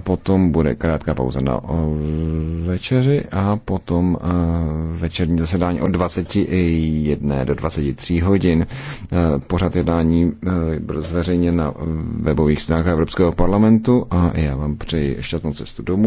a potom bude krátká pauza na večeři a potom e, večerní zasedání od 21 do 23 hodin. E, pořad jednání e, byl zveřejněn na webových stránkách Evropského parlamentu a já vám přeji šťastnou cestu domů.